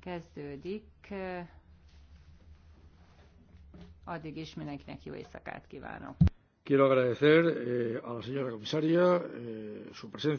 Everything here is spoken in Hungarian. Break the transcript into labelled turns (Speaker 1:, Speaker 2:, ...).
Speaker 1: kezdődik. Addig is mindenkinek jó éjszakát kívánok.
Speaker 2: Quiero agradecer eh,
Speaker 3: a la señora comisaria eh, su presencia.